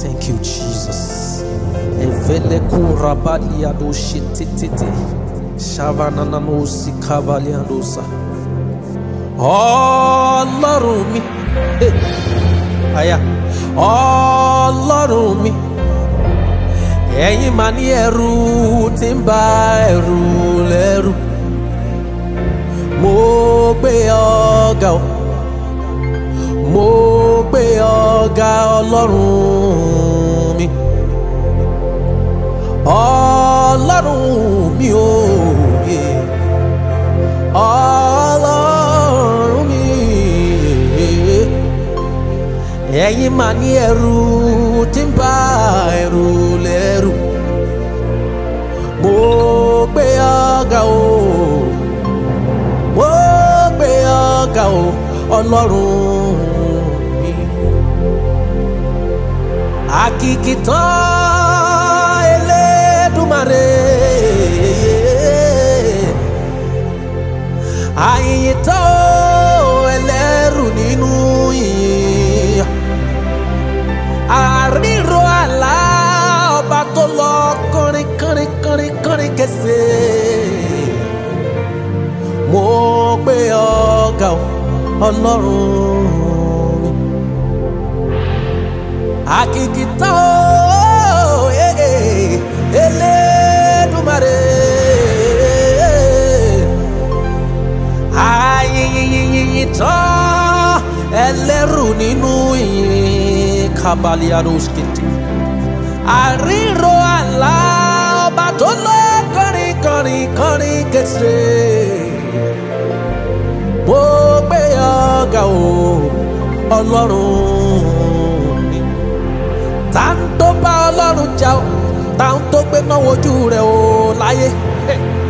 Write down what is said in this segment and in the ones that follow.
Thank you, Jesus. Evele kurabali adoshi tititi. Shavanananusi kavali adosa. Ọlọ́run mi. Aya. Ọlọ́run mi. Ẹ̀yin mà ẹrù timba ẹrù lẹ́rù. ọlọ́run mi ọlọ́run mi ò yẹ ọlọ́run mi ẹ̀yin mà ní ẹrù tí ń bá ẹrù lẹ́rù mo gbé ọ̀gá o mo gbé ọ̀gá o ọlọ́run. akikitọ Elédùmarè ayiyitọ ẹlẹ́rù nínú yìnyín àríro àlá ọba tó lọ kọrin kọrin kọrin kọrin kẹsẹ mo pe ọgá Ọlọ́run àkìkìtà ó Elédùmarè ayiyiyiyiyì tán ẹlẹ́rù to ìyìn kabaliados kìtì àríro àlá ọba tó lọ kọrin kọrin kọrin kẹsìrè mo gbé ọgá o ọlọ́run. máa wojú rẹ̀ o láyé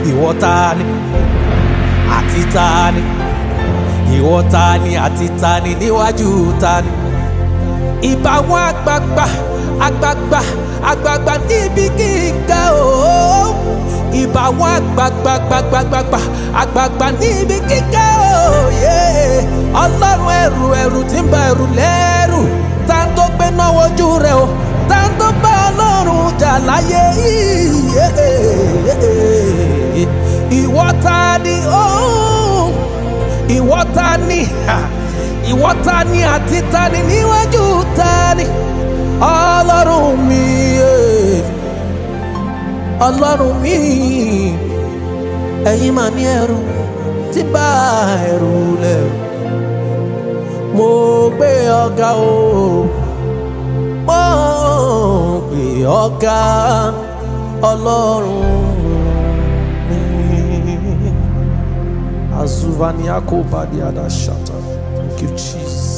ìwọ ta ni àti ta ni ìwọ ta ni àti ta ni níwájú ta ni ìbáwọn àgbààgbà àgbààgbà àgbààgbà níbi gíga o ìbáwọn àgbààgbà àgbààgbà àgbààgbà níbi gíga o ọlọ́run ẹrù ẹrù tí ń ba ẹrù lẹ́rù tá a tó gbé náà wojú rẹ̀ o padà láyé yìí ìwọ ta ni ó ìwọ ta ni ìwọ ta ni àti ta ni níwájú ta ni ọlọ́run mi ọlọ́run mi ẹ̀yin mà ní ẹrù tí bá ẹrù lẹ̀ mo gbé ọ̀gá o. ọ̀gá ọlọ́run mi azuvani akobadi adashata thank you jesus.